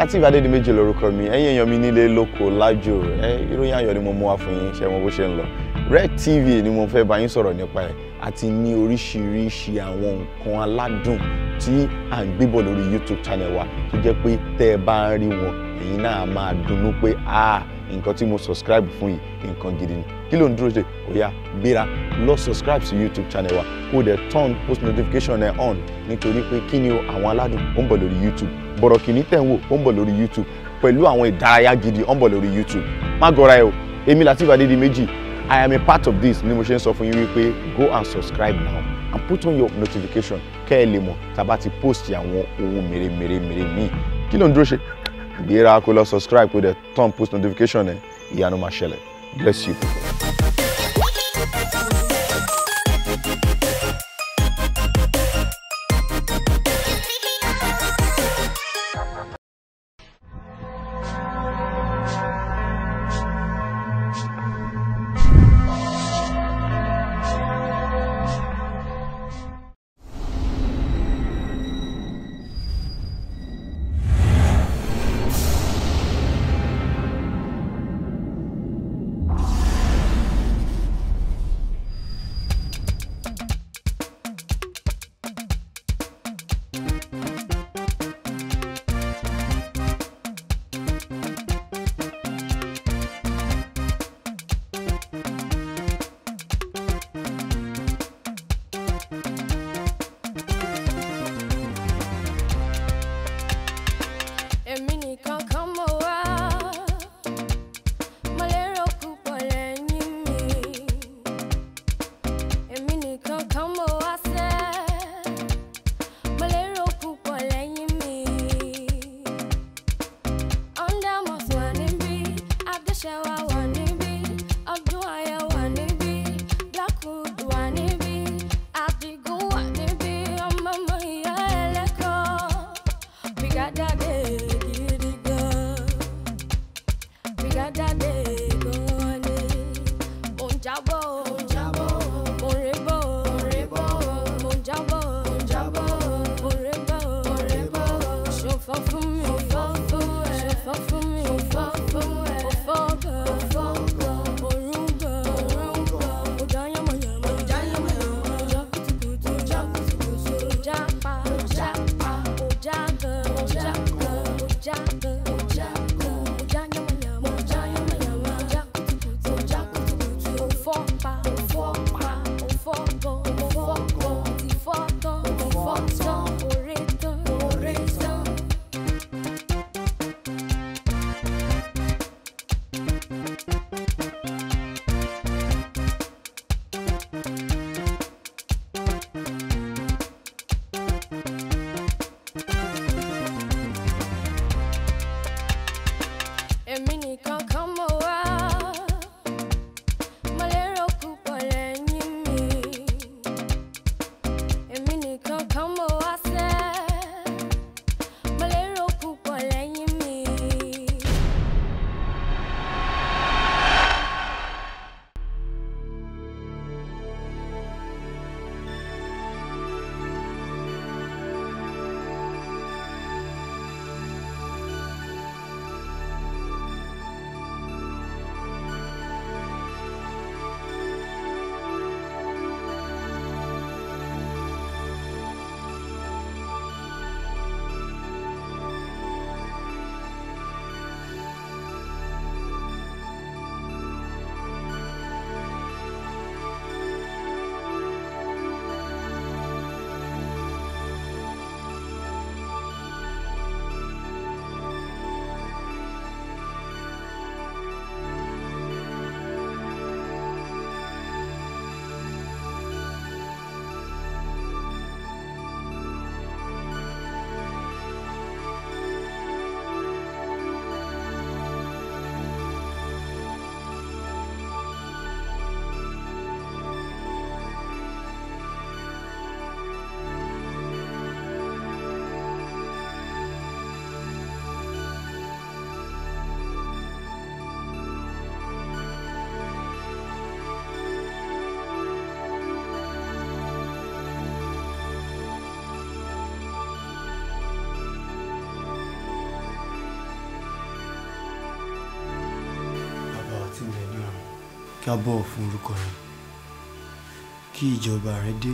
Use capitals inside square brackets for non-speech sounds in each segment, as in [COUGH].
Lateef Adédìméjì lórúkọ mi ẹ̀yin èèyàn mi nílé lóko lájò ìròyìn ayọ̀ ni mo mú wá fún yín ṣé wọn bó ṣe ń lọ. Red TV ni mo fẹ́ bá yín sọ̀rọ̀ nípa ẹ̀ àti ní oríṣiríṣi àwọn nǹkan aládùn tí à ń gbébọ̀ lórí YouTube channel wa tó jẹ́ pé tẹ́ ẹ bá ń rí wọn ẹ̀yin náà máa dunnú pé ah nǹkan tí mo subscribe fún yìí nǹkan gidi ni kí ló ń dúró ṣe ó gbéra lọ subscribe sí YouTube channel wa kó o dẹ̀ turn post notification ẹ̀ on nítorí pé kí ni o àwọn aládùn ó ń bọ̀ lórí YouTube bọ̀rọ̀ kìíní tẹ̀ ń wò ó ń bọ̀ lórí YouTube pẹ̀lú àwọn ìdárayá gidi ó ń bọ̀ lórí YouTube má gọra ẹ o èmi Lateef Adédìméjì I am a part of this ni mo ṣe ń sọ fún yín wípé go and subscribe now and put on your notification kẹ́ ẹ lè mọ̀ tàbá ti post àwọn ohun mèremèremère míì kí ló ń dúró ṣe ìgbéra kó lọ subscribe kó dẹ̀ turn post notification ẹ̀ ìyanu máa ṣẹlẹ̀ bless you. ká bọ̀wọ̀ fún orúkọ rẹ kí ìjọba rẹ dé.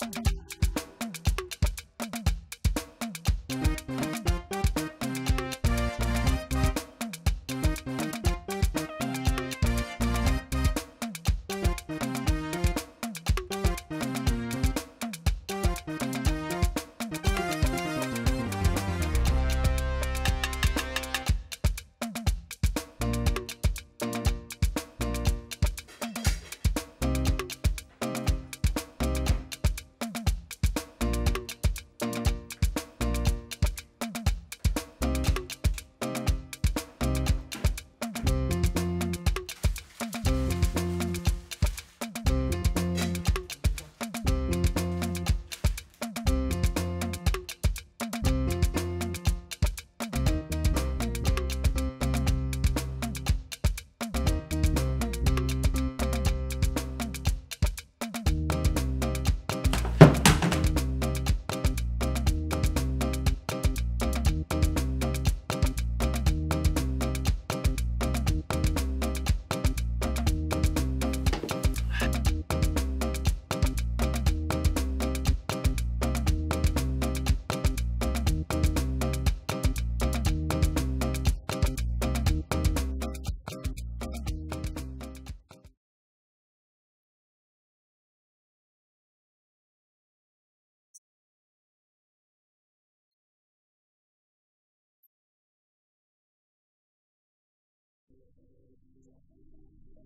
Thank you.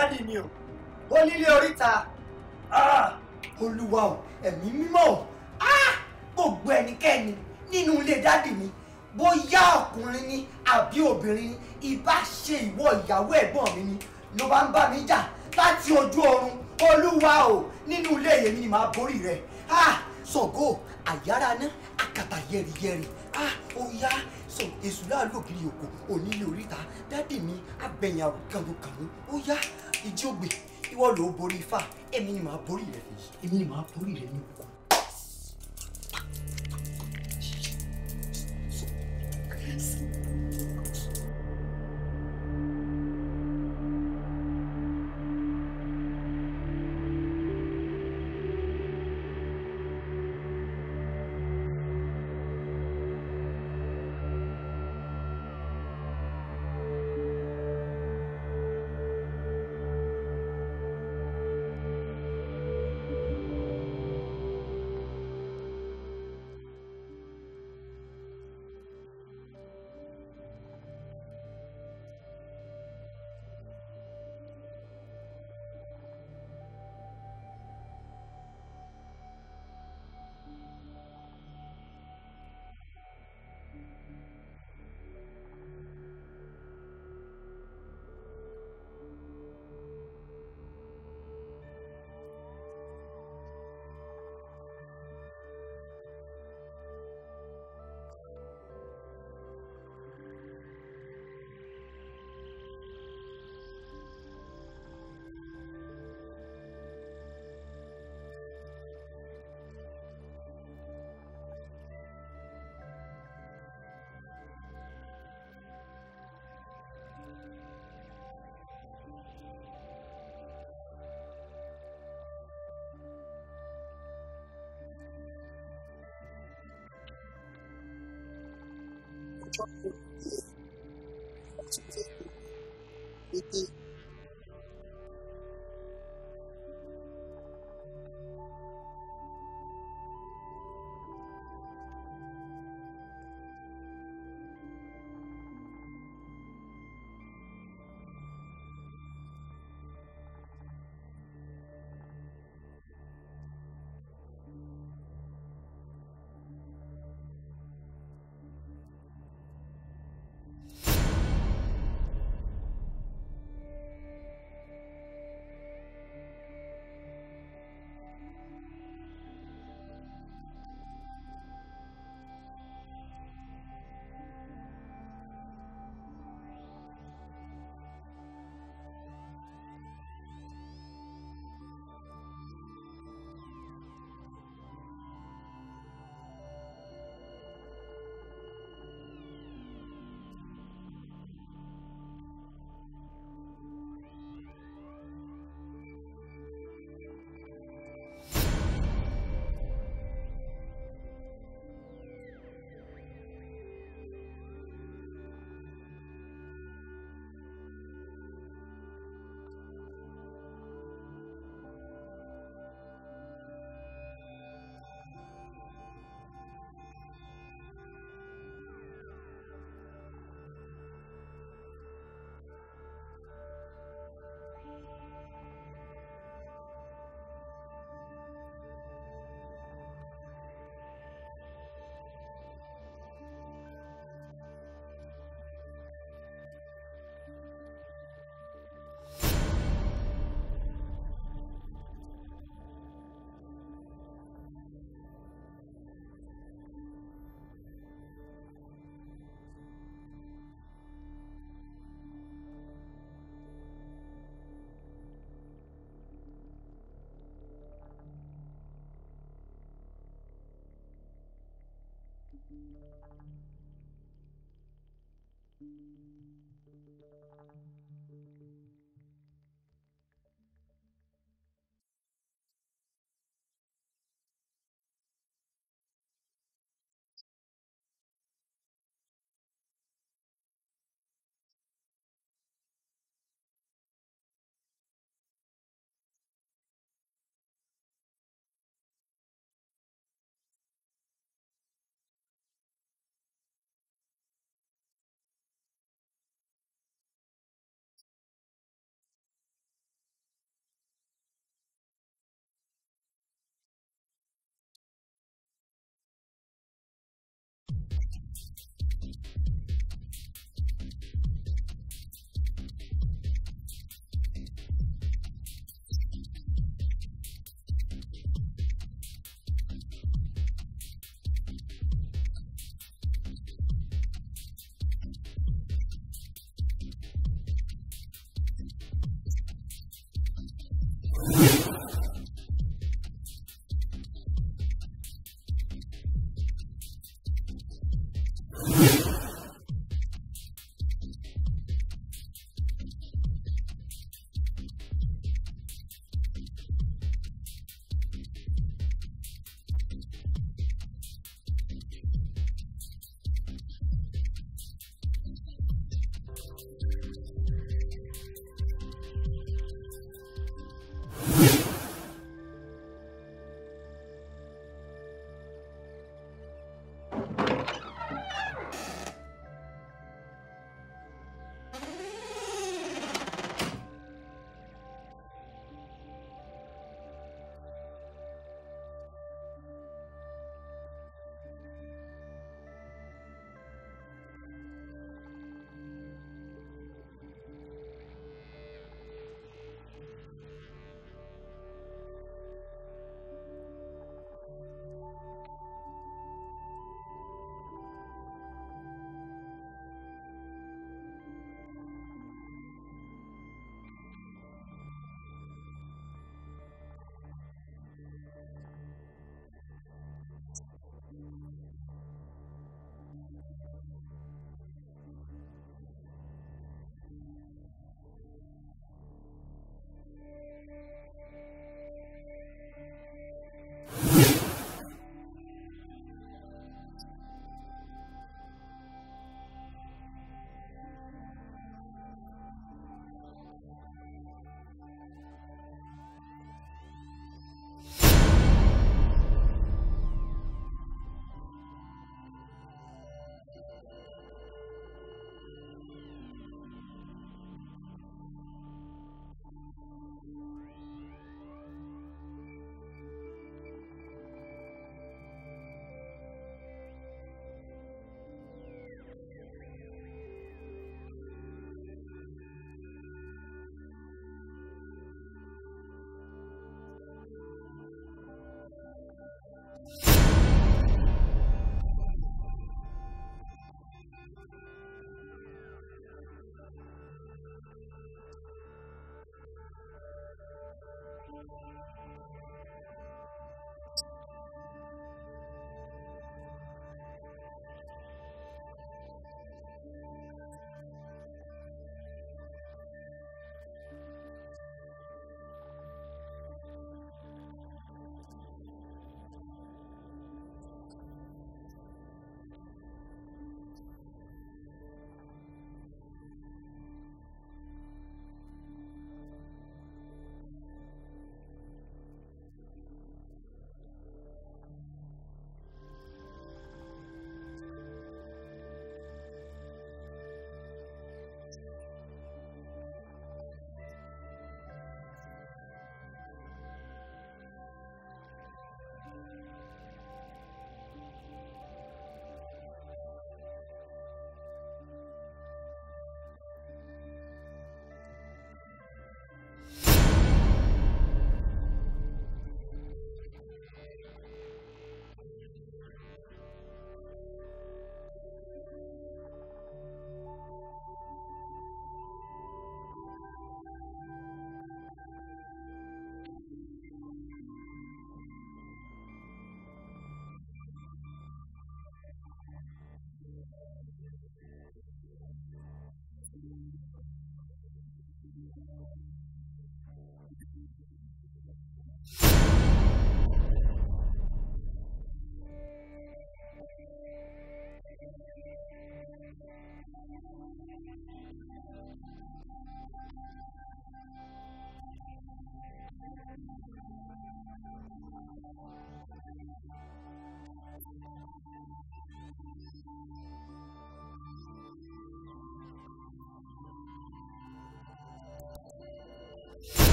dádì ni o ó nílé oríta ah, olúwa o ẹ̀mí mímọ́ o ah, gbogbo ẹnikẹ́ni nínú ilé dádì mi bóyá ọkùnrin ni àbí obìnrin ni ìbá ṣe ìwọ ìyàwó ẹ̀gbọ́n mi ni ló bá ń bá mi jà láti ojú oorun olúwa o nínú ilé èyí ni màá borí rẹ ah, ṣògo àyára ná àkàtà yẹrìyẹrì óyá èṣù láàlú ògiri òkò onílé oríta dádì mi abẹ̀yìn àrùn kànrùnkànrùn óyá ìjí ògbè ìwọ ló borí ifá èmi ni màá borí rẹ èmi ni màá borí rẹ ní òkú 中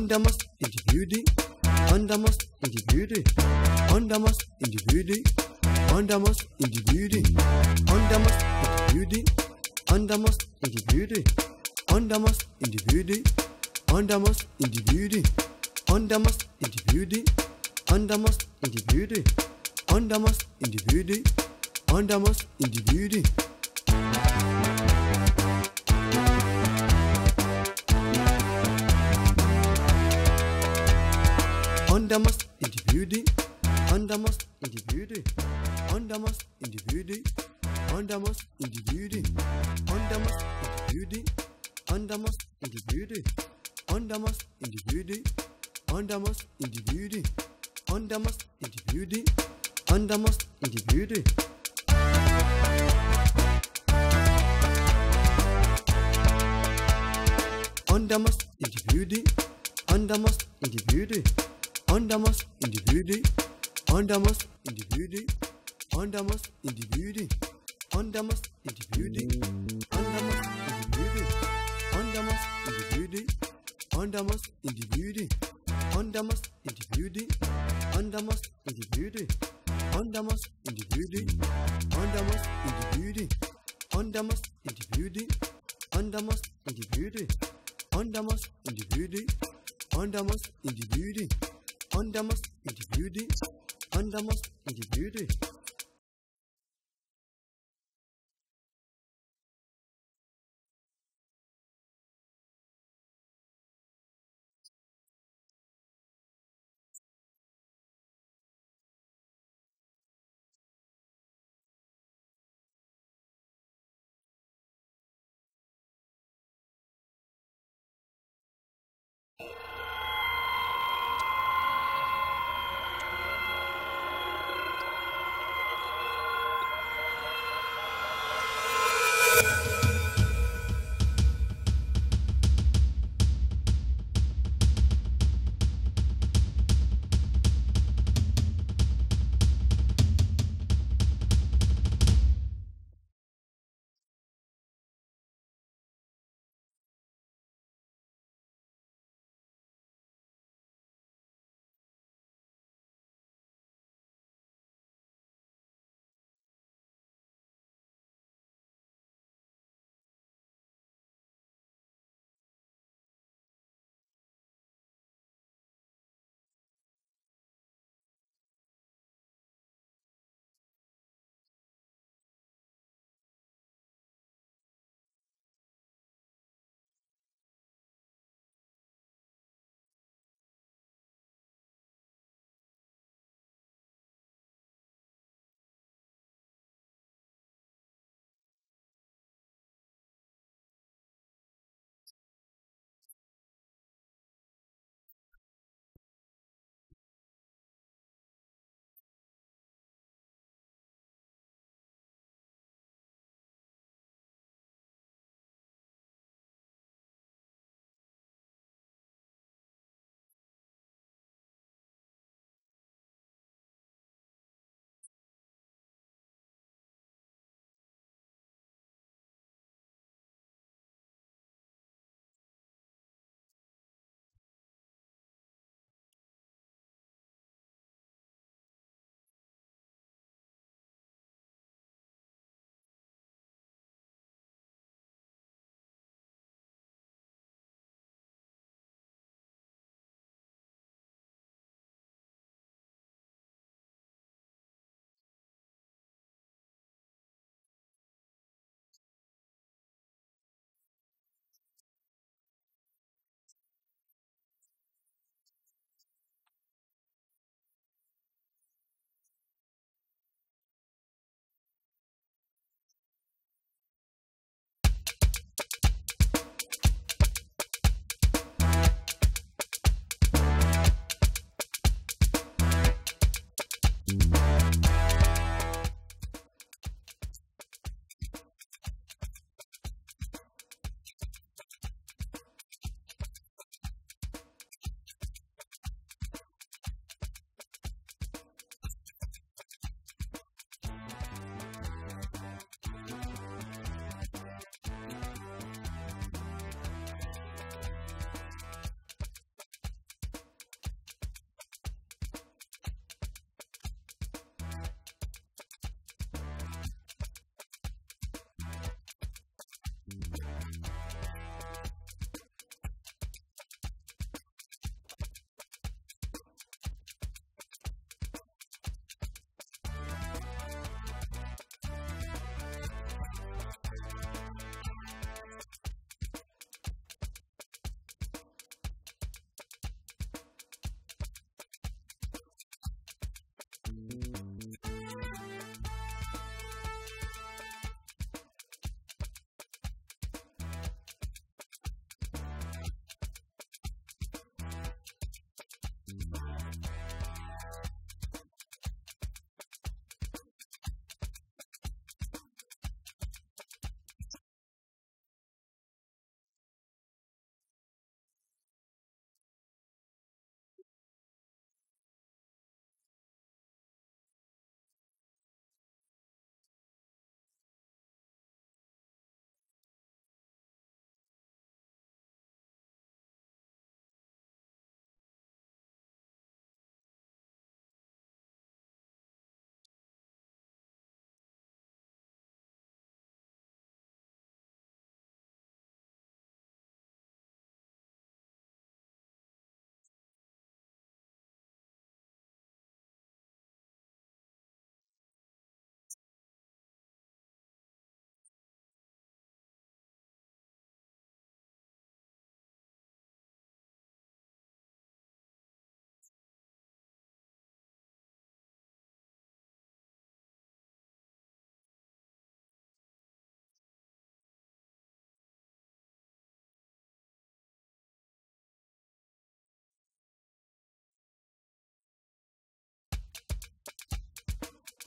Andermast in die Bühne, Andermast in die Bühne, Andermast in die Bühne, Andermast in die Bühne, Andermast in die Bühne, Andermast in die Bühne, Andermast in die Bühne, Andermast in die Bühne, Andermast in die Bühne, Andermast in die Bühne, Undermost in the building. Undermost in the building.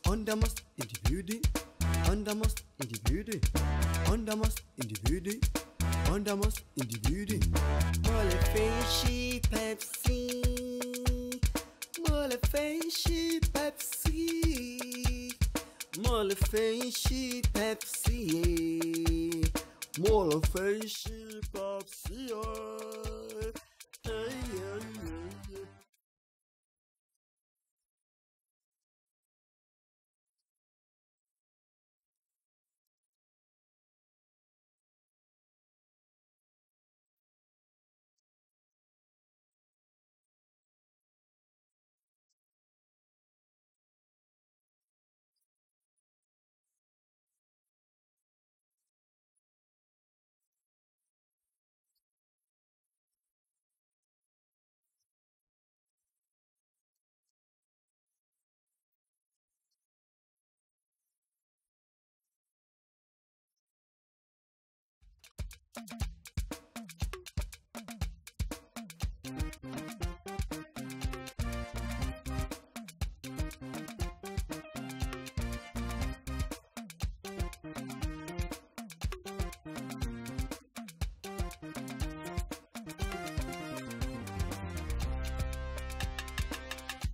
Andermast individu, andermast individu, andermast individu, andermast individu. Mole feisci Pepsi, mole feisci Pepsi, mole feisci Pepsi, mole feisci Pepsi. Oh.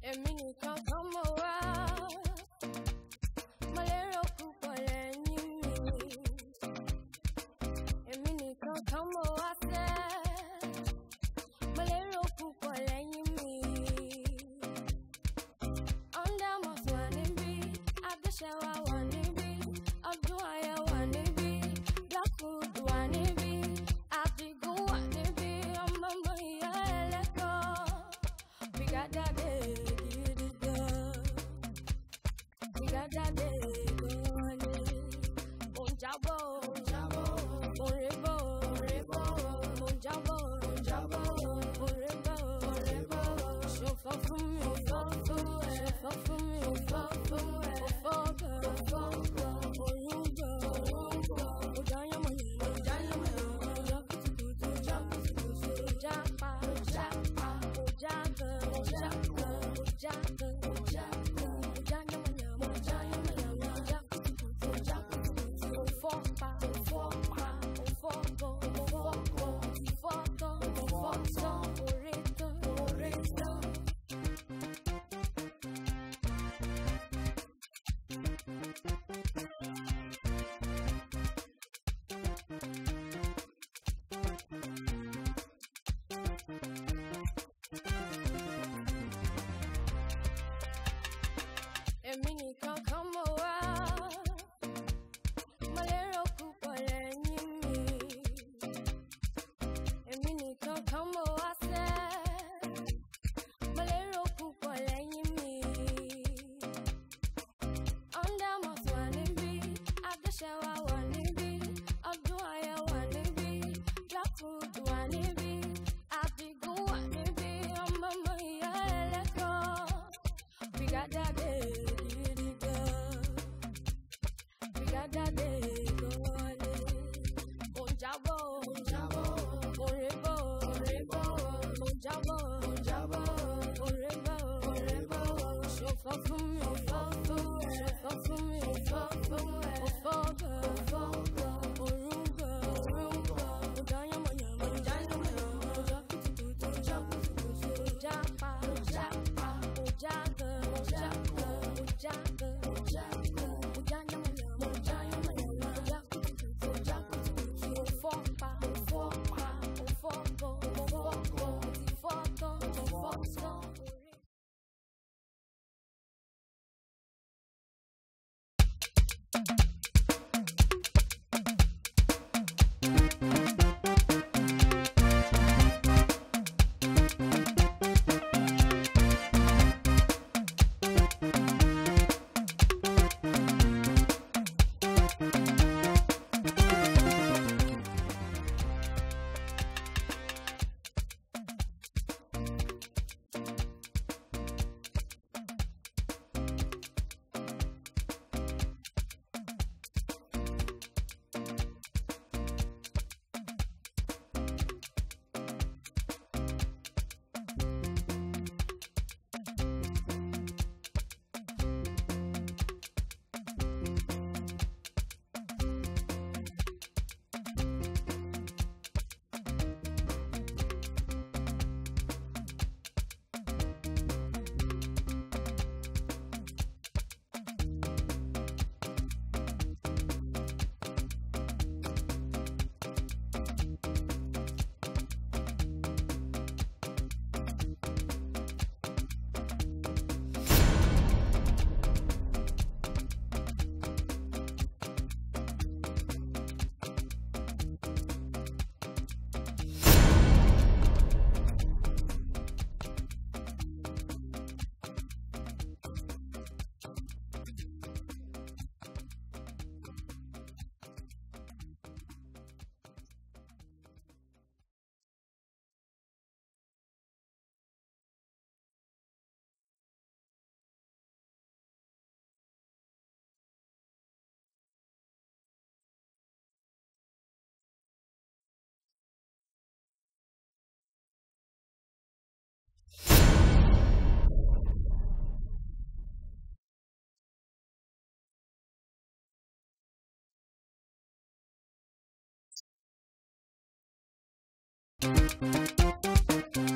É menino. I roll. どこ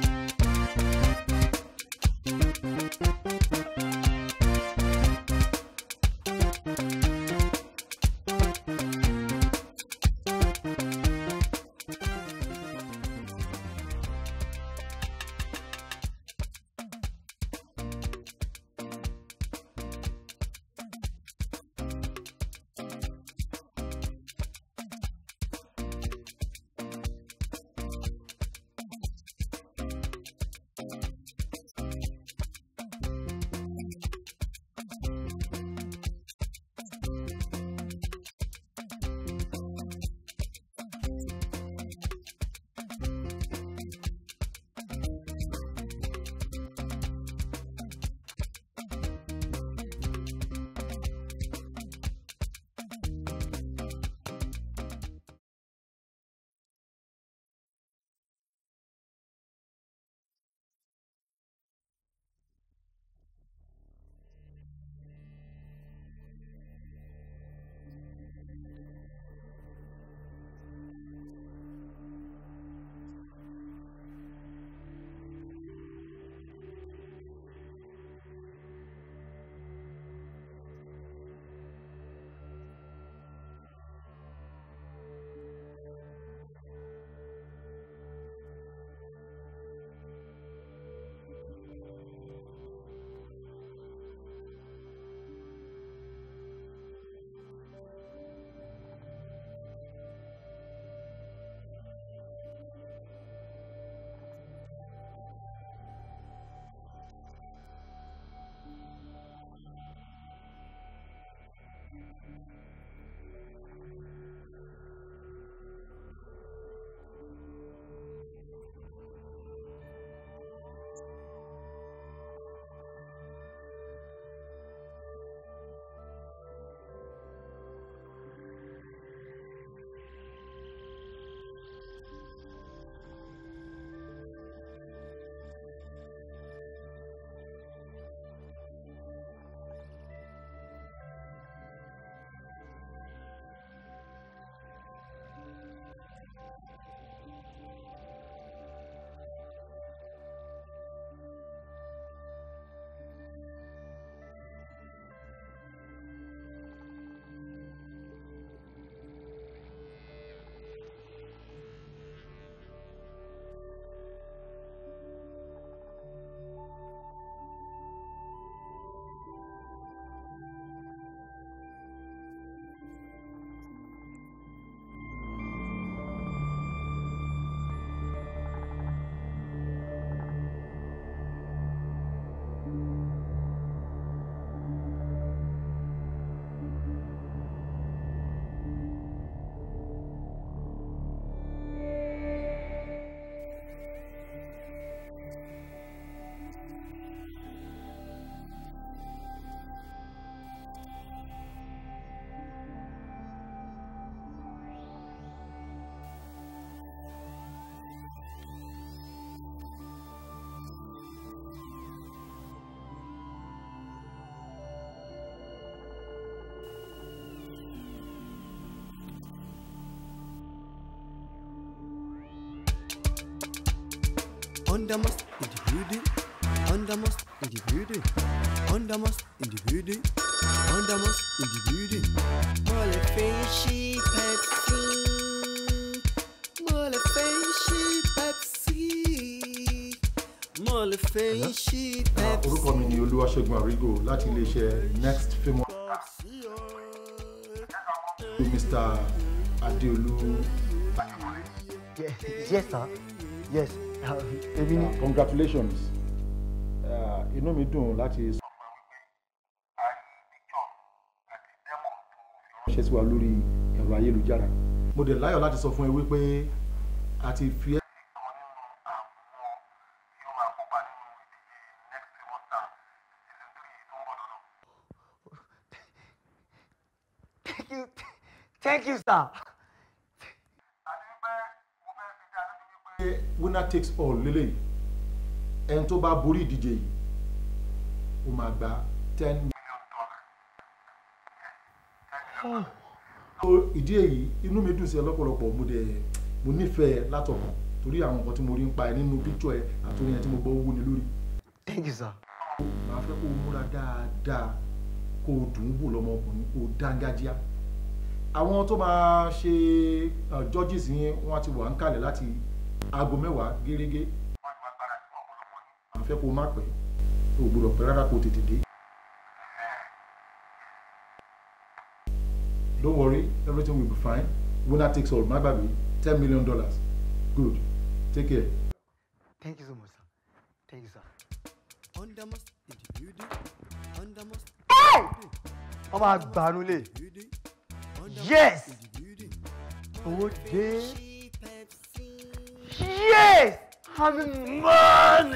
Andermast in die Bude, Andermast in die Bude, Andermast in die Bude, Andermast in die Bude. Molle Fischi Pepsi, Molle Fischi Pepsi, Molle Fischi Pepsi. Orúkọ mi ni Olúwaṣẹ́gun Àrígò láti iléeṣẹ́ Next Famous. Mr. Adeolu. Yes, yes, sir. Yes èmi [LAUGHS] ni. Ah. congratulations ah, inú mi dùn láti sọ fún wa wípé a rí picture àti demo tó sí wa lórí ẹ̀rọ ayélujára. mo dẹ̀ láyọ̀ láti sọ fún ẹ wípé a ti fi ẹ́. Thank you, sir. takes all lélẹ́yìí ẹni tó bá borí ìdíje yìí ó máa gba ten million dollars. so ìdí èyí inú mi dùn sí ẹ lọ́pọ̀lọpọ̀ mo dẹ̀ mo nífẹ̀ẹ́ látọ̀run torí àwọn nǹkan tí mo rí ń pa ẹ nínú píkítọ̀ ẹ àtúnyẹ tí mo gbọ́ wú ni lórí. thank you sir. màá fẹ́ kó o múra dáadáa kó o dùn ún wò lọ́mọkùnrin kó o dángájíá àwọn tó máa ṣe uh, judges yín wọ́n ti wà ń kalẹ̀ láti aago mẹ́wàá gẹ́gẹ́ à kó má pẹ́ o gbọ́dọ̀ pẹ́ rárá kó tètè dé. don't worry everything will be fine winner takes all má gbàgbé ten million dollars good take care. thank you so much sir thank you sir. undermost in the building ọmọ àgbàánu yes owó dé. Yes! I'm man!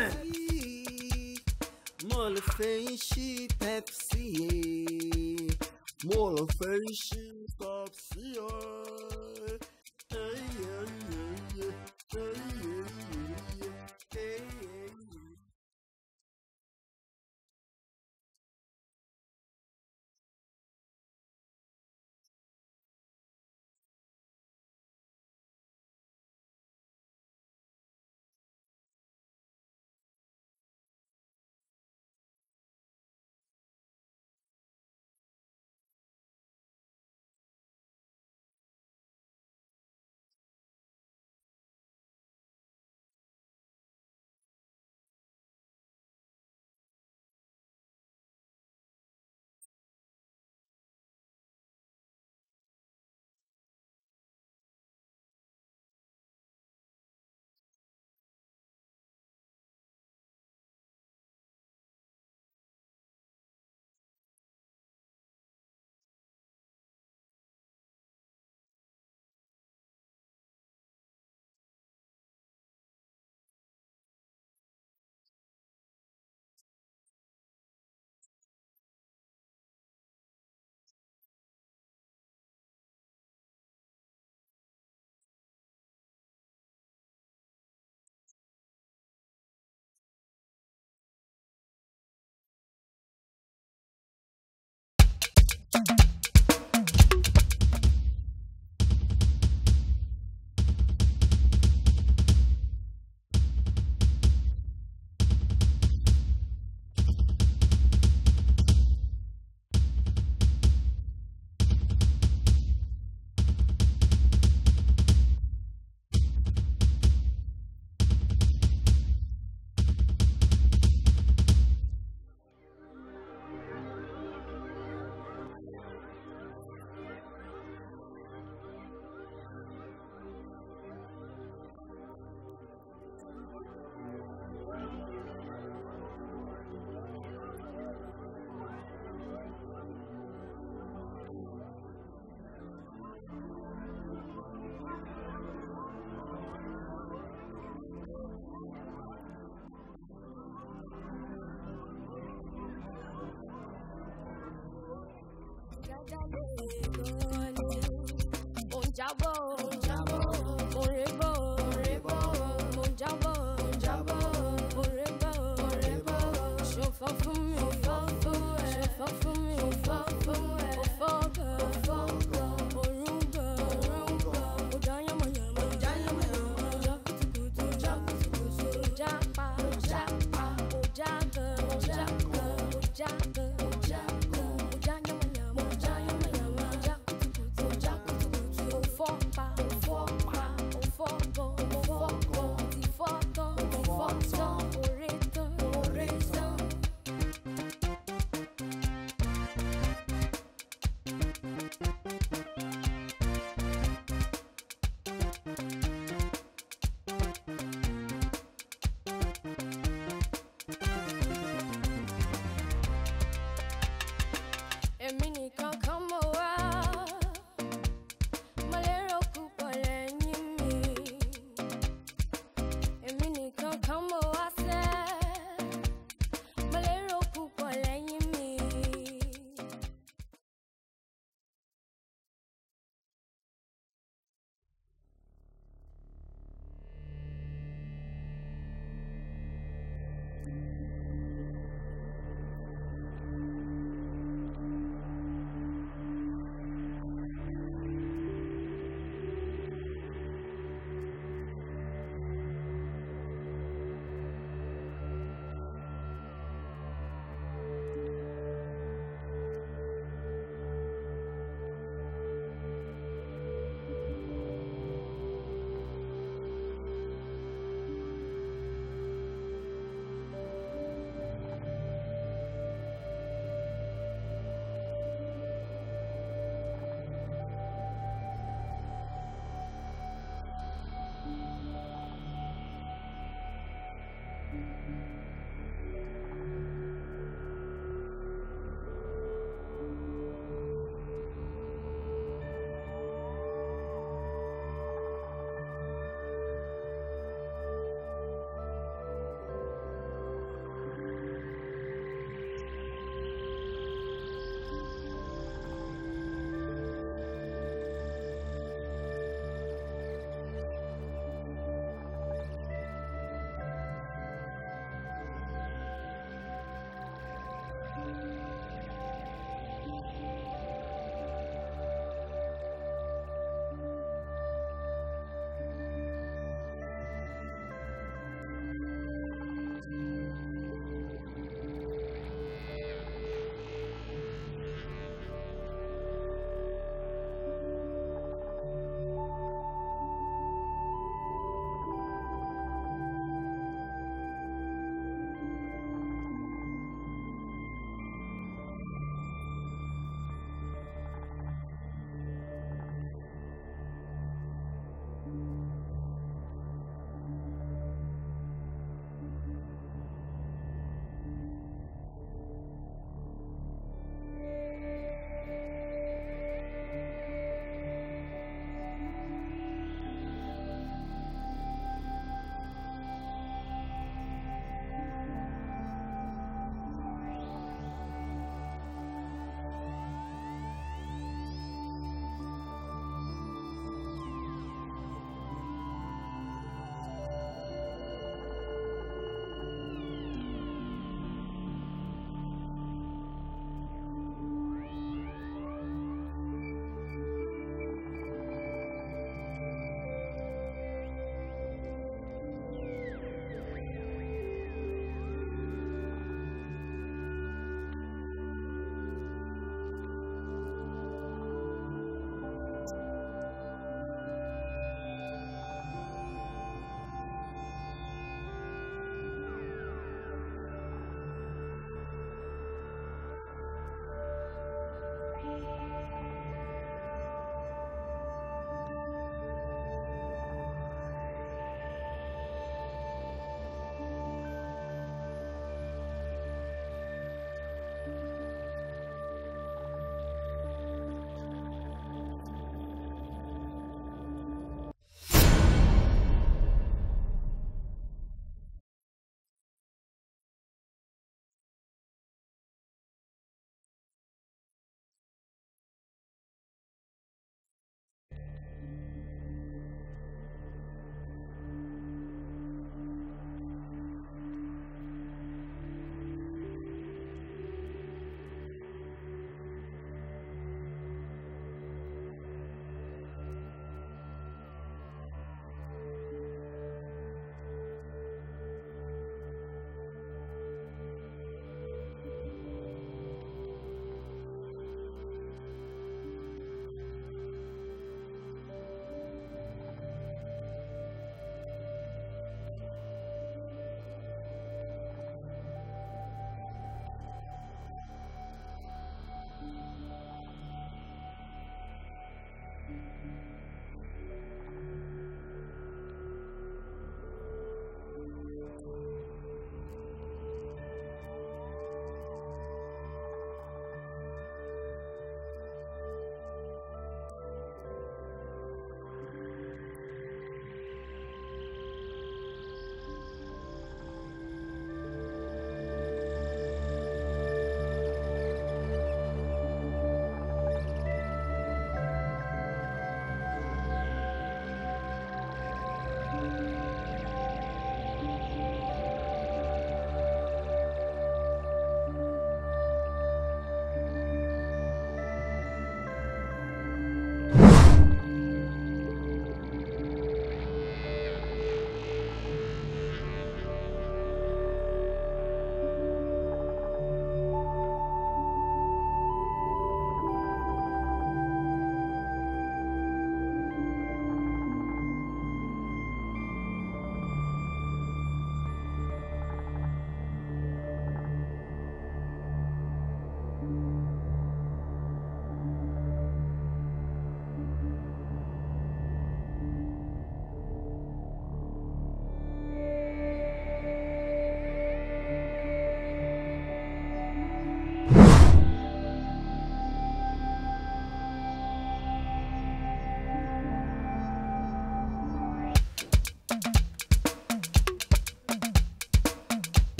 Pepsi yé. Eh. Mo Pepsi oh. Jabo, jabo, Mo jábọ́ Mo rébọ́ o. Mo rébọ́ o. Mo jábọ́ Mo jábọ́ Mo rébọ́ o. Mo rébọ́ o. Ṣòfò fún mi. Ṣòfò fún mi. Ṣòfò fún mi. Thank you.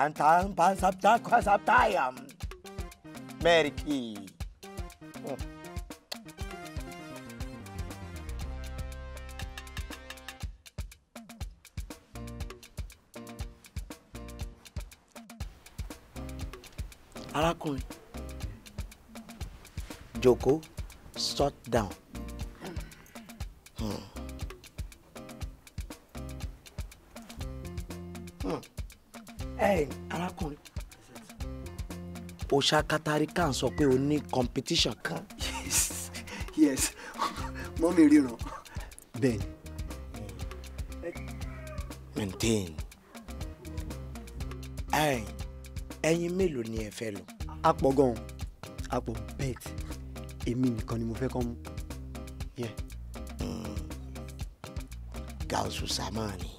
tantan pan sapta kwa saptayam. Merki. Hmm. arákùnrin joko shut down. Òòṣà Katarika sọ pé o ní competition kan. yes yes mọ mi ríran. bẹ́ẹ̀ni maintain ẹyin ẹyin mélòó ni ẹ fẹ́ lọ. a pọ̀ gan-an a pọ̀ bet èmi nìkan ni mo fẹ́ kọ́ mú. Hmm. gàùsù sàmáàní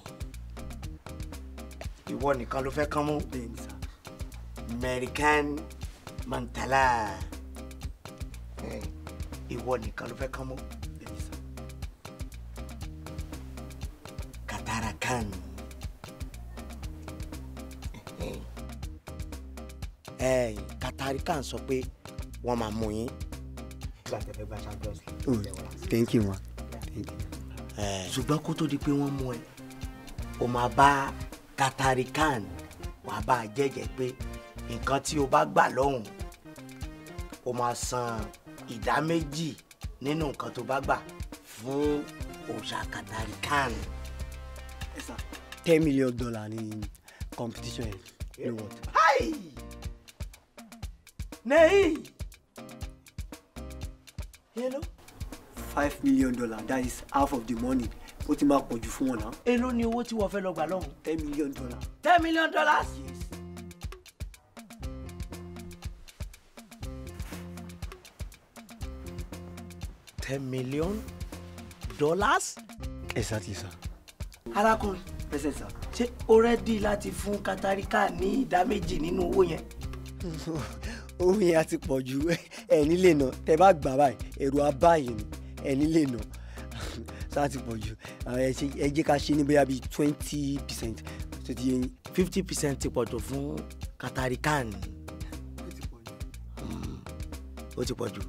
ìwọ nìkan ló fẹ́ kán mú. American Mantala, eh, ìwọ nìkan ló fẹ́ kán mọ́ lẹ́mi sọ kàtàrà kan kàtàrí kan sọ pé wọ́n máa mú yín. Mm. thank you ma thank you. Eh. ṣùgbọ́n kó tó di pé wọ́n mú ẹ o máa bá kàtàrí kan wàá bá a jẹ́jẹ́ pé nǹkan tí o bá gbà lọ́hùn o máa san ìdá méjì nínú nǹkan tó bá gbà fún òòṣà Katari Khan. ten million dollar ni competition yẹn ló wọ̀. neyi hello. five million dollars. that is half of the money ó ti máa pọ̀jù fún wọn náà. èló ni owó tí wọ́n fẹ́ lọ gbà lọ́hùn. ten million dollars. ten million dollars. yes ten million dollars. exactly sir. arákùnrin president sir ṣé o rẹ́dí láti fún katarika ní ìdá méjì nínú owó yẹn. [LAUGHS] owó yẹn á ti pọ̀ ju ẹ̀ nílé náà tẹ bá gbà báyìí ẹ̀rù abáyìí ni ẹ̀ nílé náà [LAUGHS] sáà ti pọ̀ jù ẹ jẹ́ ká ṣe ní bóyá bíi twenty percent tó ti yẹ fifty percent ti pọ̀ tó fún katarikan hmm. ó ti pọ̀ jù.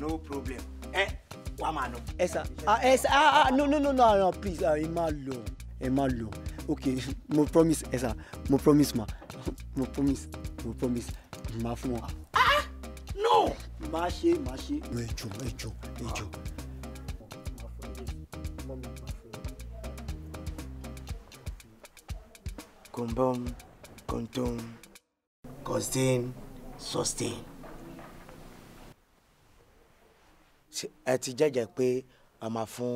no problem ẹ wàá máa lọ. ẹ sà ah, ẹ sà ah, ah no no no no no please ah, ẹ má lọ ẹ má lọ ok mo promise ẹ sà mo promise ma mo promise mo promise ma fún wọn. ah no. má ṣe má ṣe. ẹ jọ ẹ jọ ẹ jọ. Combom, condom, cousin, sustain. ẹ ti jẹ́jẹ́ pé a máa fún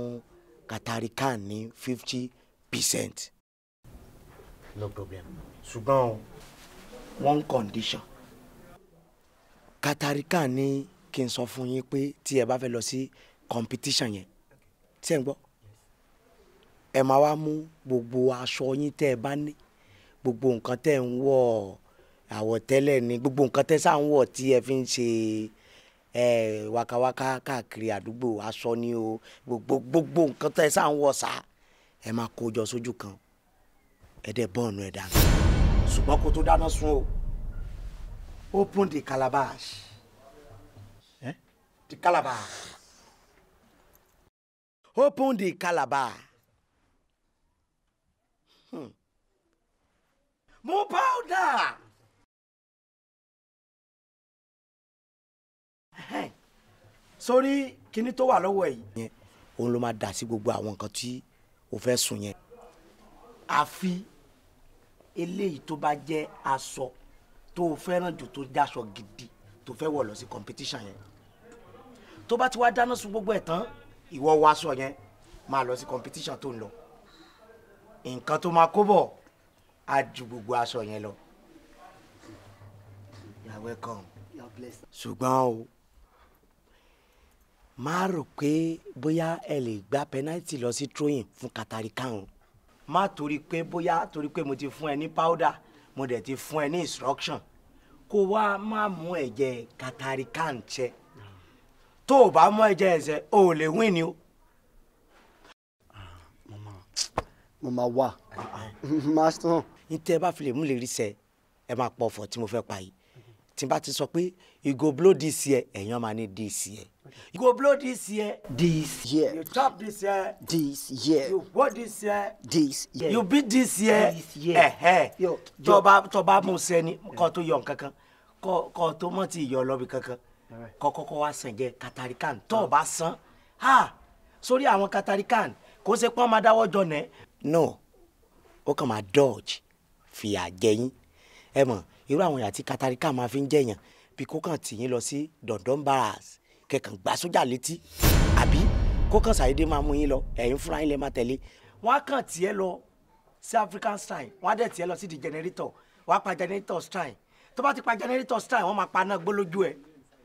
Qatari Khan ní fifty percent. no problem ṣùgbọ́n one condition Qatari Khan ní kí n sọ fún yín pé tí ẹ bá fẹ́ lọ sí competition yẹn tí ẹ ń gbọ́ ẹ máa wá mú gbogbo aṣọ yín tẹ́ ẹ bá ní gbogbo nǹkan tẹ́ ń wọ̀ àwọ̀tẹ́lẹ̀ ni gbogbo nǹkan tẹ́ ẹ sáà ń wọ̀ tí ẹ fi ń ṣe. Se wákàwákà káàkiri àdúgbò aṣọ ni o gbogbo gbogbo nǹkan tẹ́ ẹ ń wọ̀ sá ẹ máa kó jọ sójú kan ẹ bọ́ọ̀nù ẹ̀ dànù ṣùgbọ́n kó tó dáná sun o open the calabash eh? the calabash open the calabash. Hmm. Mo powder! sórí kinní tó wà lọ́wọ́ yìí. òun ló máa dà sí gbogbo àwọn nǹkan tí o fẹ́ sùn yẹn. àfi eléyìí tó bá jẹ́ aṣọ tó o fẹ́ràn jù tó jáṣọ gidi tó fẹ́ wọ̀ lọ sí competition yẹn tó bá ti wá dáná sun gbogbo ẹ̀ tán ìwọ wọ aṣọ yẹn máa lọ sí competition tó ń lọ nǹkan tó máa kó bọ̀ á ju gbogbo aṣọ yẹn lọ. you are welcome. you are blessed. ṣùgbọ́n o má rò pé bóyá ẹ lè gba pẹnáìtì lọ sí tróyìn fún katarika o má torí pé bóyá torí pé mo ti fún ẹ ní powder mo dẹ̀ ti fún ẹ ní instruction kó wá má mú ẹ̀jẹ̀ katarika ń ṣe tó o bá mú ẹ̀jẹ̀ ẹ̀sẹ̀ o ò lè win ni o. mo máa wà [LAUGHS] master. ní tẹ́ ẹ bá fi lè mú lè rí sẹ ẹ máa pọ̀ ọ̀fọ̀ tí mo fẹ́ pa yìí tí n bá ti sọ pé you blow this year ẹ̀yàn máa ní this year. Okay. You go blow this year. This year. You chop this year. This year. You what this year. This year. You beat this year. This year. Eh, eh. Yo. Tó toba tó bá mú sẹ́ni kó tó yọ nǹkan kan kó kó tó mọ̀ tí yọ lọ́bi kankan kó kọ́kọ́ wá sàn jẹ́ katarikan tó san ha sórí àwọn katarikan kó ṣe pọ́n máa dáwọ́ jọ no ó kàn máa dodge fìyà jẹyìn ẹ mọ̀ irú àwọn ìyà katarikan máa fi ń jẹyàn bí kó kàn tì yín lọ sí Dondon Barracks kẹkàn gbà sójà létí àbí kó kàn ṣàyédé máa mú yín lọ ẹ̀yin fúnra yín lè máa tẹ̀lé wọ́n á kàn tiẹ̀ lọ sí African style wọ́n á dẹ̀ tiẹ̀ lọ sí di generator wọ́n á pa generator style tó bá ti pa generator style wọ́n máa pa náà gbó lójú ẹ̀.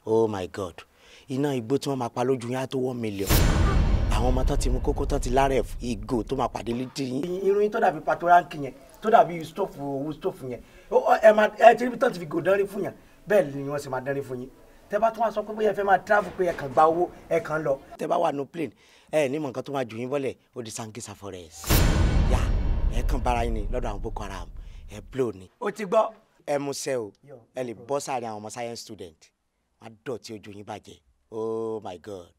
oh my god iná igbó tí wọ́n máa pa lójú yín á tó one million àwọn ọmọ tán ti mú kókó tán ti lárẹ̀ ìgò tó máa pàdé létí yín. irun yín tó dàbí pàtó ránkì yẹn tó dàbí stóòfù owó stóòfù yẹn ẹ ti rí bí tán ti fi gò dánrí fún yàn bẹ́ẹ̀ ni wọ́n sì máa dánrí fún yín tẹ bá tún wá sọ pé bóyá ẹ fẹ́ máa travel pé ẹ kàn gba owó ẹ kàn lọ. tẹ bá wà ní plane ẹ ní mọ̀ nǹkan tó máa jù yín bọ́lẹ̀ ó di Sangisa forest yá ẹ kàn bára yín ni lọ́dọ̀ àwọn Boko Haram ẹ blow ni. o ti gbọ́. ẹ mú sẹ́ o ẹ lè bọ́ sáré àwọn ọmọ science student wọ́n á dọ̀tí ojú yín bàjẹ́ oh my god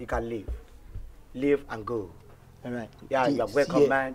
you can live live and go. All right. yeah you are welcome man.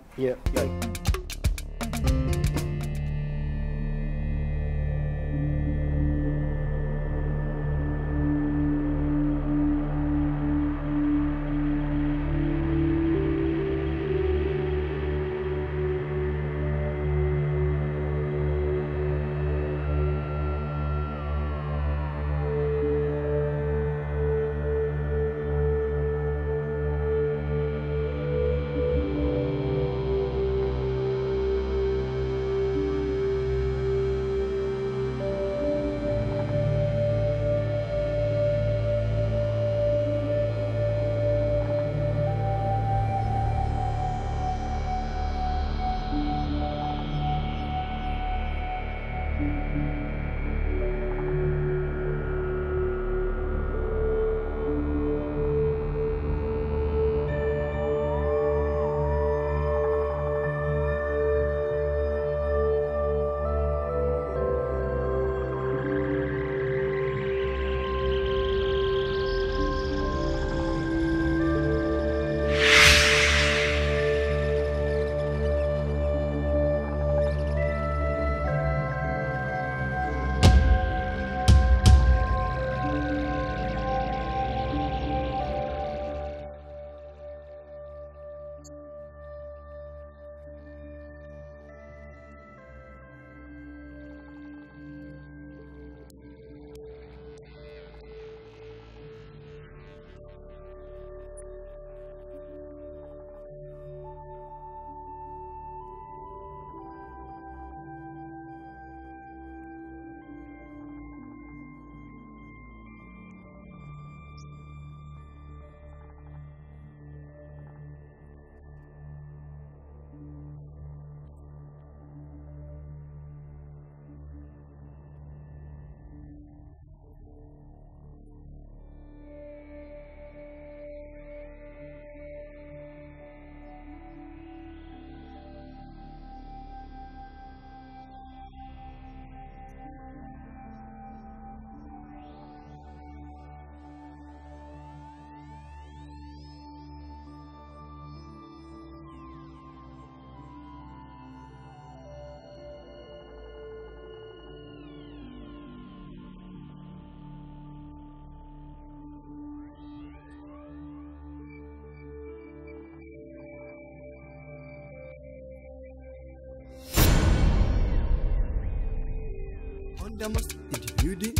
Andermast individu,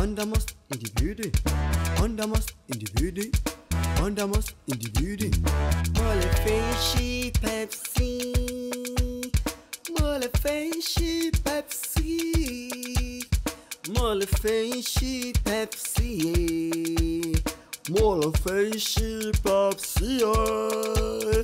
Andermast individu, Andermast individu, Andermast individu. Mole feisci Pepsi, mole feisci Pepsi, mole feisci Pepsi, mole feisci Pepsi. Oh.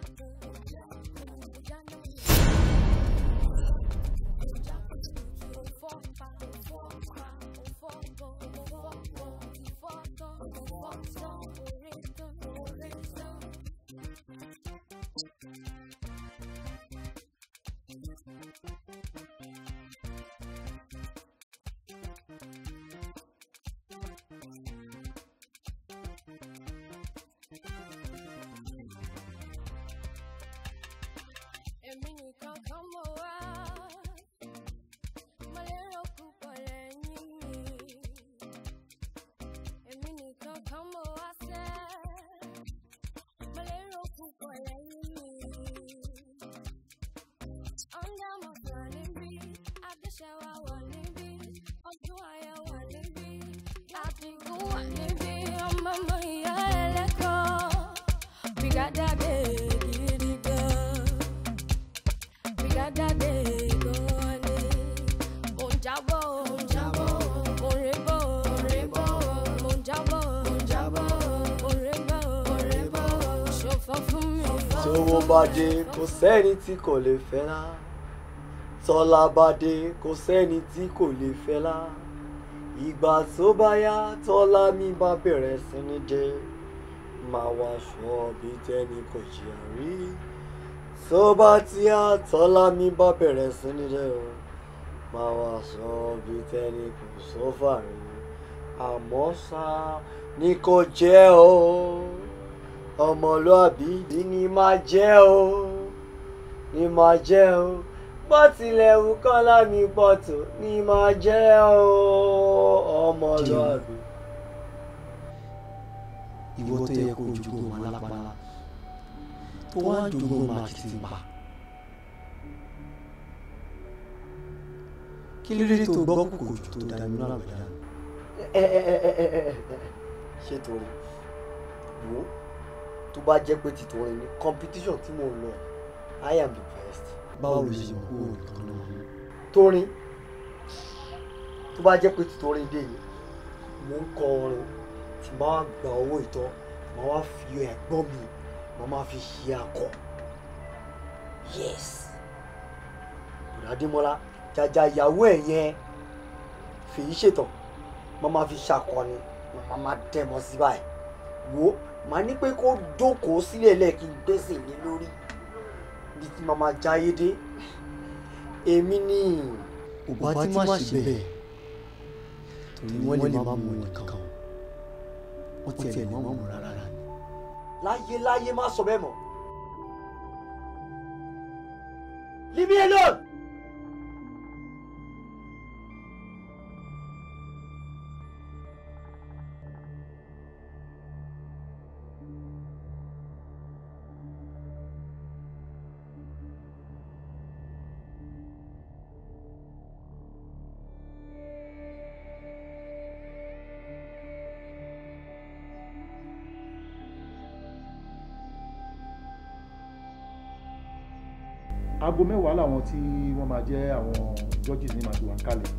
Thank you. bàdé kò sẹ́ni tí kò lè fẹ́ lá tọ́lá bàdé kò sẹ́ni tí kò lè fẹ́ lá ìgbà tó bá yá tọ́lá mi bá bẹ̀rẹ̀ sí ní dé máa wá aṣọ bí tẹ́ni kò jìyà rí tó bá ti yá tọ́lá mi bá bẹ̀rẹ̀ sí ní dé o máa wá aṣọ bí tẹ́ni kò sọ́fà rí àmọ́ ṣá ni kò jẹ́ o ọmọlúàbí ni máa jẹ́ o ni máa jẹ́ o bọ́tìlẹ̀ wù kọ́lá mi pọ̀tò ni máa jẹ́ o ọmọlúàbí. ìwọ tó yẹ kó jogún ọmọ alápàlá tó wá jogún ọmọ akitipa. kí ló dé tó gbọ́ kòkòjò tó dá mi lọ́rùn dáadáa. ṣé torí wo tó bá jẹ́ pé ti tọrin ni competition tí mo lọ i am the best. báwo ló ṣe kú òní kan náà. torin tó bá jẹ́ pé ti tọrin dé yìí mo ń kọ orin tí màá gba owó ìtọ́ màá wá fi ẹ̀gbọ́n mi màá máa fi ṣe akọ yes bùrọ̀dẹ́mọ́lá jàjà ìyàwó ẹ̀ yẹn fèyí ṣètò màá máa fi ṣàkọ ni màá máa dẹ̀ sí báyìí wo màá ní pé kó jókòó sílẹ̀ lẹ́ẹ̀kí gbèsè lé lórí bí ti màmá jáyé dé èmi ni ò bá tí má ṣe bẹ́ẹ̀ torí wọ́n lè má mú nìkan wọ́n tiẹ̀ lè má mú rárá ni. láyé láyé má sọ bẹ́ẹ̀ mọ́ leave me alone. aago mẹ́wàá làwọn tí wọ́n máa jẹ́ àwọn judges ní màdùwà kalẹ̀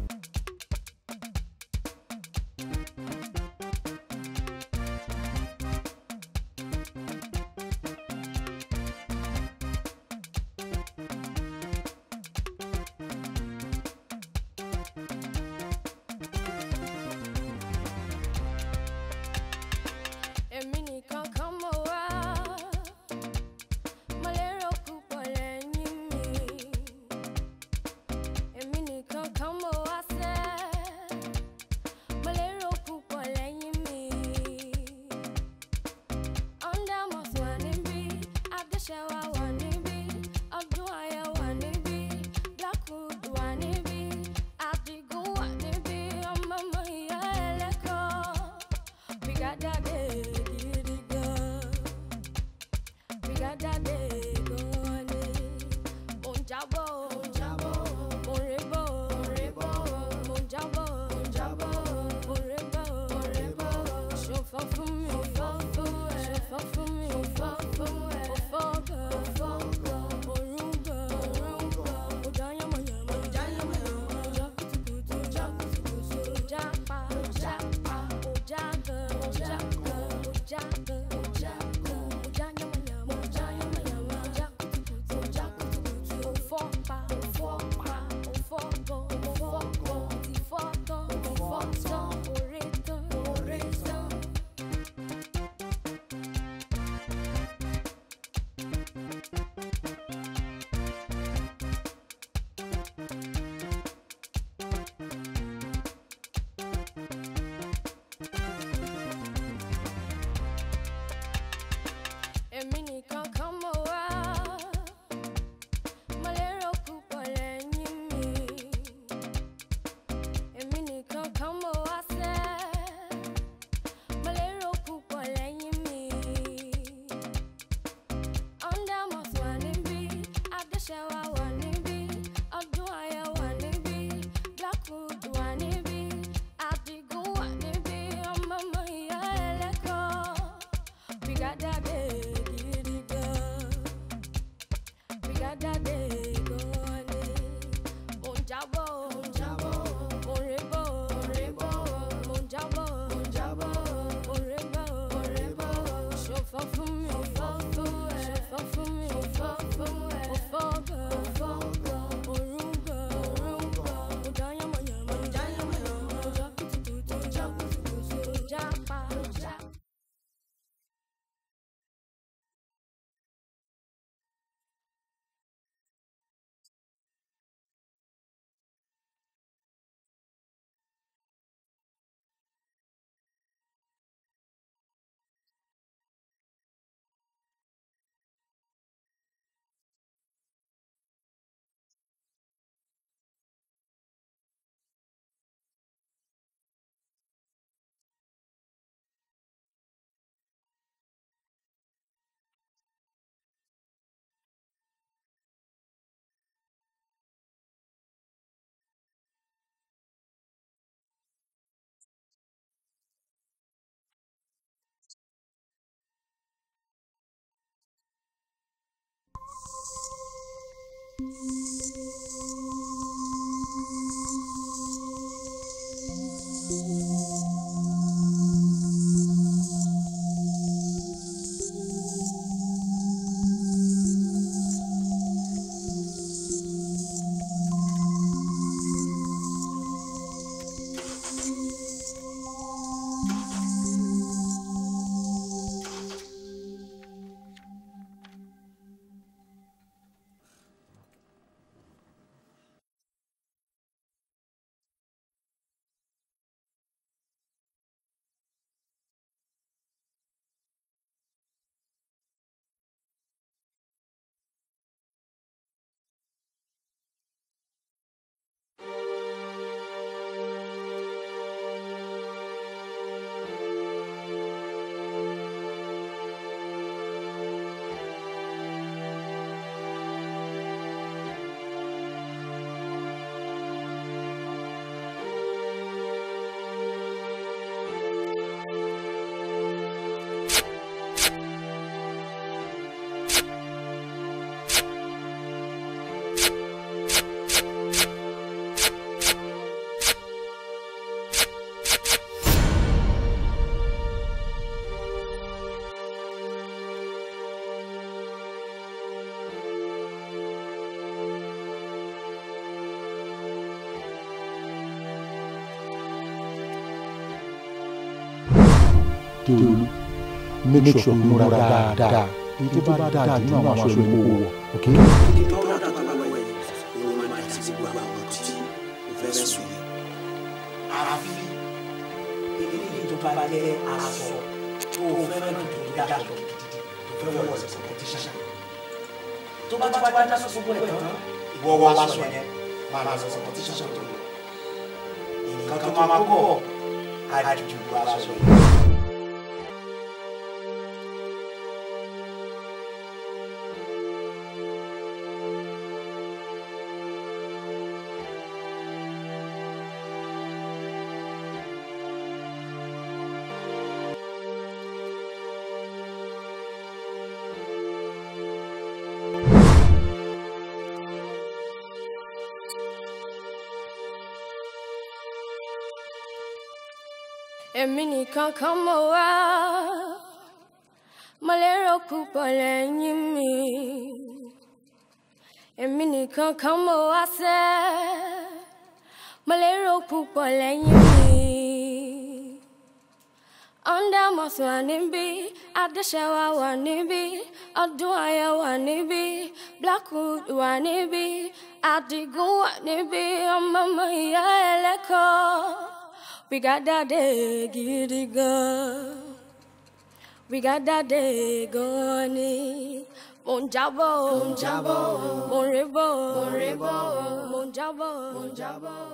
dada. Música make sure kó múra dáadáa èyí tó bá dáa jù nínú àwọn aṣọ ìlú kò wọ̀ ok. tó bá ti wá dá sọ́sọ́ gbọ́dọ̀ tán ìwọ wọ aṣọ yẹn máa ma sọ̀sọ̀ tí sọ̀sọ̀ tó lọ nǹkan tó máa ma kọ́ àjùjù aṣọ yẹn. Èmi nìkan kan mo wá mo lérò púpọ̀ lẹ́yìn mi èmi nìkan kan mo wá sẹ́ mo lérò púpọ̀ lẹ́yìn mi ọ̀ndàmọ̀sùn wà níbí adéṣẹ́ wa wà níbí ọdún ayọ̀ wà níbí blackwood wà níbí adigun wà níbí ọmọ ọmọ ìyá ẹlẹ́kọ̀ọ́. We got that day giddy gan. We got that day gan ni. Mo ń jabo, mo ń jábọ̀, mo ń rébọ̀, mo jabo, rébọ̀, mo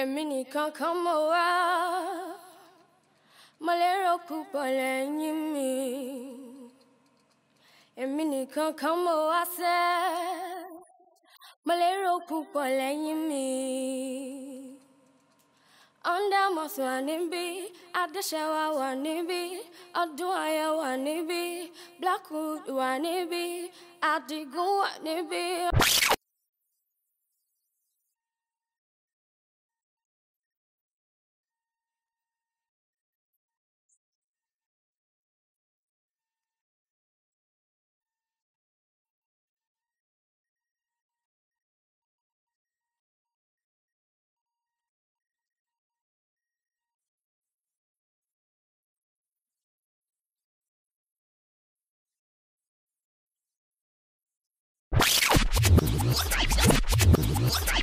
èmi nìkan kan mo wá mo lérò púpọ̀ lẹ́yìn mi èmi nìkan kan mo wá sẹ́ mo lérò púpọ̀ lẹ́yìn mi. Ọ̀ndàmọ̀sù wà níbí, Adéṣẹ́wà wà níbí, Ọdúnayọ̀ wà níbí, Blackwood wà níbí, Adigun wà níbí. Let's go.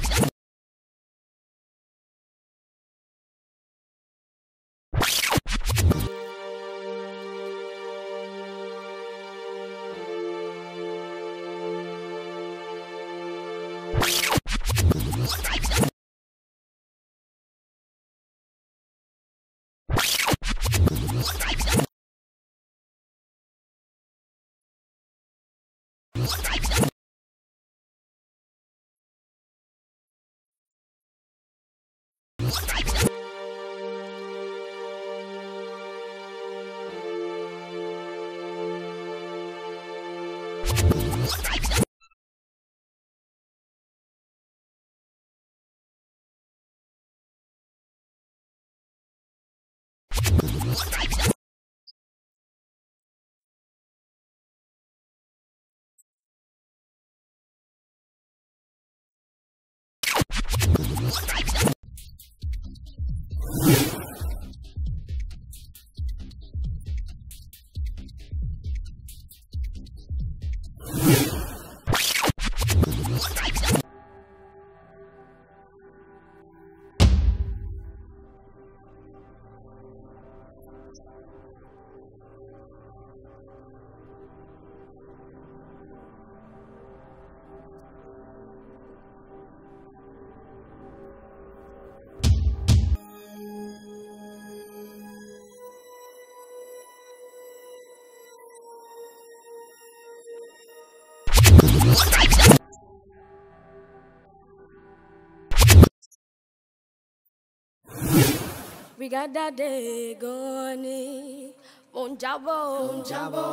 We got that ni mo ń jábọ̀ mo ń jábọ̀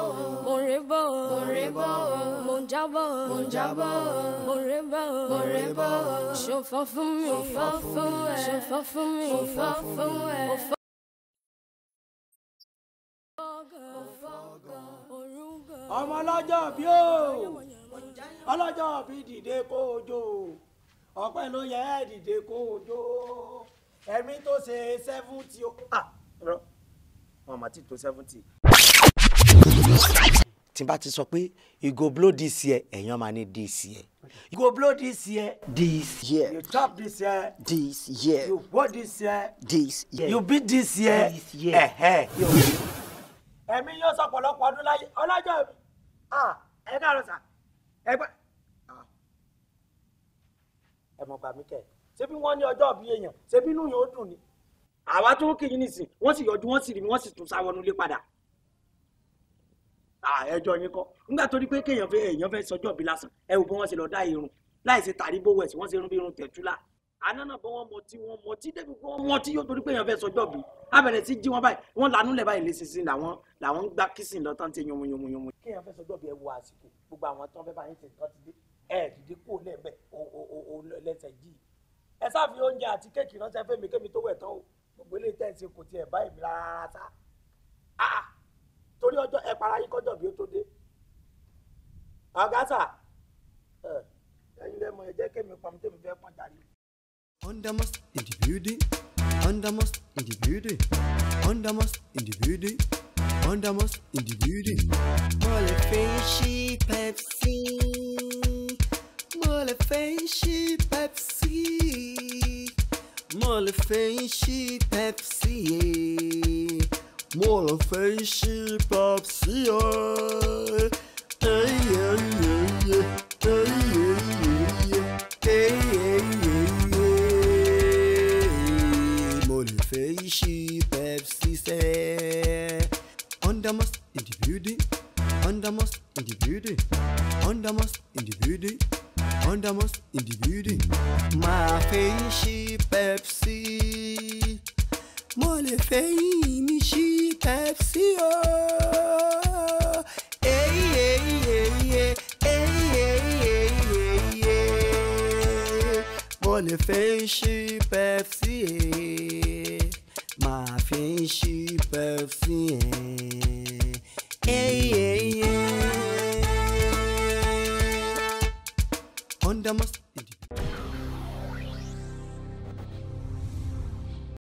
mo ń rébọ̀ mo ń rébọ̀ mo ń me, mo ń jábọ̀ mo ń rébọ̀ mo ń rébọ̀ ṣòfò fún mi ṣòfò fún ẹ ṣòfò fún mi ṣòfò fún ẹ. ọmọ ọlọ́jọ́ bí o ọlọ́jọ́ bí dìde kó o jó ọpẹ́ ló yẹ dìde kó o jó ẹ̀mí tó ṣe seventy o ah rọ wọn àmọ́ tí tó seventy. tí n bá ti sọ pé you go blow this year ẹ̀yàn máa ní this year you go blow this year. this year you chop this year. this year you go this year. this year you beat this year. this year ẹ̀hẹ́. ẹ̀mí yóò sọ pọ̀lọpọ̀ ọdún láyé ọlájọ́ mi ah ẹ káàárọ̀ sà ẹ ah. gbà mi mọ̀ kẹ́ ẹ̀ ṣebí wọ́n ní ọjọ́ ìbí èèyàn ṣebí inú yóò dùn ni àwa tó kì í nìsín wọ́n sì yọjú wọ́n sì rí mi wọ́n sì tún sá wọnú ilé padà ẹjọ́ yín kọ́ nígbà tó rí pé kéèyàn fẹ́ èèyàn fẹ́ sọjọ́ ìbí lásán ẹ wò bí wọ́n ṣe lọ dá irun láì ṣe tàrí bó wẹ̀sì wọ́n ṣe irun bí irun tẹ̀túlá anáná bọ́ wọn mọtí wọn mọtí débi pé wọn mọtí yóò torí pé èèyàn fẹ́ sọjọ́ bí abẹ̀rẹ̀ sí jí wọn báyìí wọn lanú lẹ̀ báyìí lẹ́sìnsìn làwọn làwọn ń ẹ wo àsìkò gbogbo àwọn tán fẹ́ lẹ́sẹ̀ yìí ẹ sáfi oúnjẹ àti kéèkì ránṣẹ́ fẹ́mi kémi tó wẹ̀ tán o gbogbo ilé tẹ́ǹsì kò tiẹ̀ báyìí mi rárá ta ah! torí ọjọ́ ẹ para yín kọjọ́ bí ó tó dé àgàtà ẹ̀yin lẹ́mọ̀ ẹ jẹ́ kémi pamọ́ tèmi fẹ́ pọ́n jáde. Undermost in the building, undermost in the building, undermost in the building, undermost in the building. Mo lè fẹ́ ṣí Pepsi, mo lè fẹ́ ṣí Pepsi. Mole 分析 Pepsi，莫了分析 Pepsi 哦。哎呀呀呀，哎呀呀呀，哎呀呀呀。莫了分析 Pepsi Pepsi 噻。Undermost in the building, undermost in the building, undermost in the building. Undermost in the building. My fẹ́ Pepsi. Mo lè fẹ́ Pepsi Oh. Èyí èyí èyí èyí èyí èyí èyí. Mo lè fẹ́ yín Pepsi. Máa fẹ́ yín ṣí Pepsi. Èyí èyí èyí. Kingdom must.